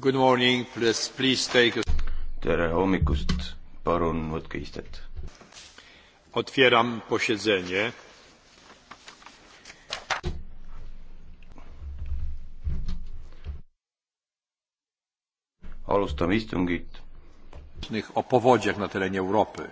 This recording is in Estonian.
Good morning, please, please take a... tere hommikust, palun võtke istet. Otwieram posiedzenie. alustame istungit. o powodziach na terenie Europy